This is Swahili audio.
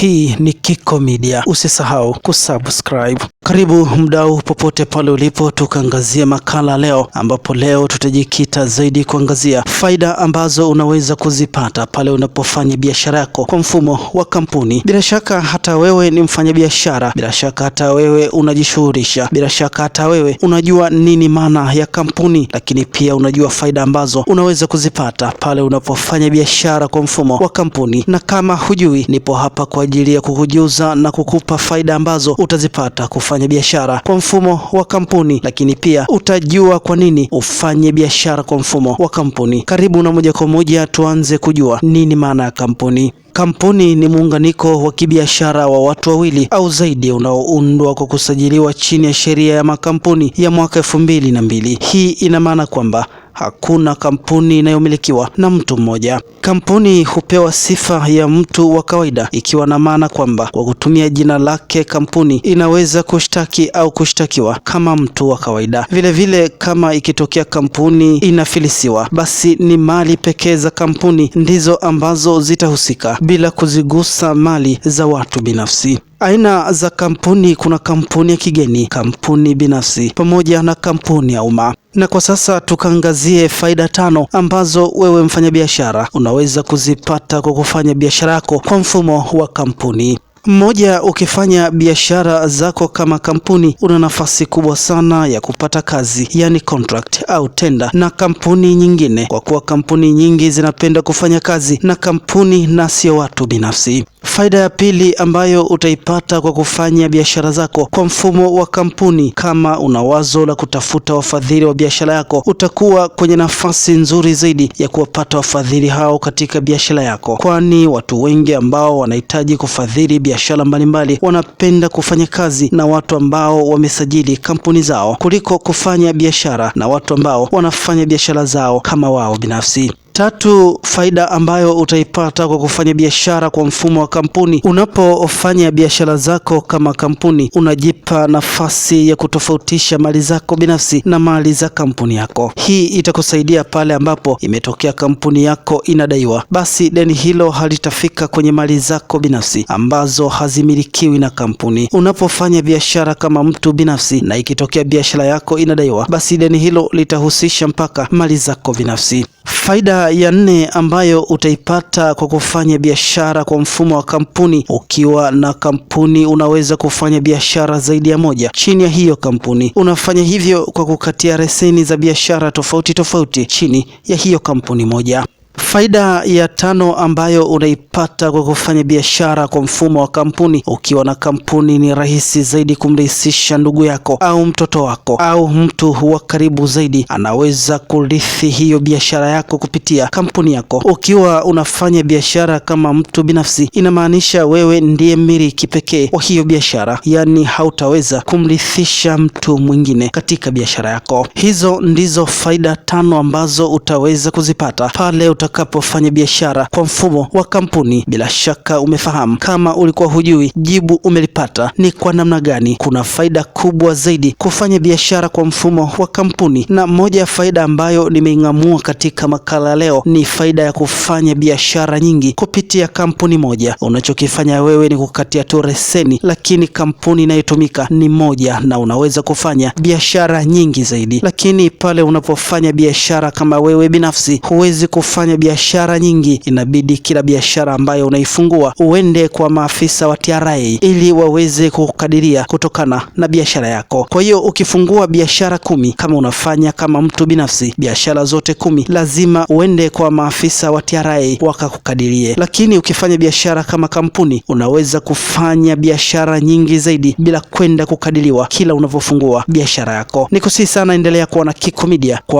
Hii ni Kiko Media, usisahau kusubscribe. Karibu mdau popote pale ulipo, tukaangazia makala leo, ambapo leo tutajikita zaidi kuangazia faida ambazo unaweza kuzipata pale unapofanya biashara yako kwa mfumo wa kampuni. Bila shaka hata wewe ni mfanyabiashara, bila shaka hata wewe unajishughulisha, bila shaka hata wewe unajua nini maana ya kampuni, lakini pia unajua faida ambazo unaweza kuzipata pale unapofanya biashara kwa mfumo wa kampuni. Na kama hujui, nipo hapa kwa ajili ya kukujuza na kukupa faida ambazo utazipata kufanya kufanya biashara kwa mfumo wa kampuni, lakini pia utajua kwa nini ufanye biashara kwa mfumo wa kampuni. Karibu na moja kwa moja tuanze kujua nini maana ya kampuni. Kampuni ni muunganiko wa kibiashara wa watu wawili au zaidi unaoundwa kwa kusajiliwa chini ya sheria ya makampuni ya mwaka elfu mbili na mbili. Hii ina maana kwamba Hakuna kampuni inayomilikiwa na mtu mmoja. Kampuni hupewa sifa ya mtu wa kawaida, ikiwa na maana kwamba kwa kutumia jina lake kampuni inaweza kushtaki au kushtakiwa kama mtu wa kawaida. Vilevile vile, kama ikitokea kampuni inafilisiwa, basi ni mali pekee za kampuni ndizo ambazo zitahusika bila kuzigusa mali za watu binafsi. Aina za kampuni: kuna kampuni ya kigeni, kampuni binafsi pamoja na kampuni ya umma. Na kwa sasa tukaangazie faida tano ambazo wewe mfanyabiashara unaweza kuzipata kwa kufanya biashara yako kwa mfumo wa kampuni. Mmoja, ukifanya biashara zako kama kampuni, una nafasi kubwa sana ya kupata kazi, yani contract au tenda na kampuni nyingine, kwa kuwa kampuni nyingi zinapenda kufanya kazi na kampuni na sio watu binafsi. Faida ya pili ambayo utaipata kwa kufanya biashara zako kwa mfumo wa kampuni. Kama una wazo la kutafuta wafadhili wa biashara yako, utakuwa kwenye nafasi nzuri zaidi ya kuwapata wafadhili hao katika biashara yako, kwani watu wengi ambao wanahitaji kufadhili biashara mbalimbali wanapenda kufanya kazi na watu ambao wamesajili kampuni zao kuliko kufanya biashara na watu ambao wanafanya biashara zao kama wao binafsi. Tatu, faida ambayo utaipata kwa kufanya biashara kwa mfumo wa kampuni. Unapofanya biashara zako kama kampuni, unajipa nafasi ya kutofautisha mali zako binafsi na mali za kampuni yako. Hii itakusaidia pale ambapo imetokea kampuni yako inadaiwa, basi deni hilo halitafika kwenye mali zako binafsi ambazo hazimilikiwi na kampuni. Unapofanya biashara kama mtu binafsi na ikitokea biashara yako inadaiwa, basi deni hilo litahusisha mpaka mali zako binafsi. Faida ya nne ambayo utaipata kwa kufanya biashara kwa mfumo wa kampuni. Ukiwa na kampuni unaweza kufanya biashara zaidi ya moja chini ya hiyo kampuni. Unafanya hivyo kwa kukatia leseni za biashara tofauti tofauti chini ya hiyo kampuni moja. Faida ya tano ambayo unaipata kwa kufanya biashara kwa mfumo wa kampuni. Ukiwa na kampuni, ni rahisi zaidi kumrahisisha ndugu yako au mtoto wako au mtu wa karibu zaidi, anaweza kurithi hiyo biashara yako kupitia kampuni yako. Ukiwa unafanya biashara kama mtu binafsi, inamaanisha wewe ndiye mmiliki pekee wa hiyo biashara, yaani hautaweza kumrithisha mtu mwingine katika biashara yako. Hizo ndizo faida tano ambazo utaweza kuzipata pale uta utakapo wafanya biashara kwa mfumo wa kampuni. Bila shaka umefahamu. Kama ulikuwa hujui, jibu umelipata. Ni kwa namna gani kuna faida kubwa zaidi kufanya biashara kwa mfumo wa kampuni, na moja ya faida ambayo nimeing'amua katika makala leo ni faida ya kufanya biashara nyingi kupitia kampuni moja. Unachokifanya wewe ni kukatia tu reseni, lakini kampuni inayotumika ni moja, na unaweza kufanya biashara nyingi zaidi. Lakini pale unapofanya biashara kama wewe binafsi, huwezi kufanya kufanya biashara nyingi, inabidi kila biashara ambayo unaifungua uende kwa maafisa wa TRA ili waweze kukadiria kutokana na biashara yako. Kwa hiyo ukifungua biashara kumi, kama unafanya kama mtu binafsi, biashara zote kumi lazima uende kwa maafisa wa TRA wakakukadirie. Lakini ukifanya biashara kama kampuni, unaweza kufanya biashara nyingi zaidi bila kwenda kukadiriwa kila unavyofungua biashara yako. Nikusihi sana, endelea kuwa na kwa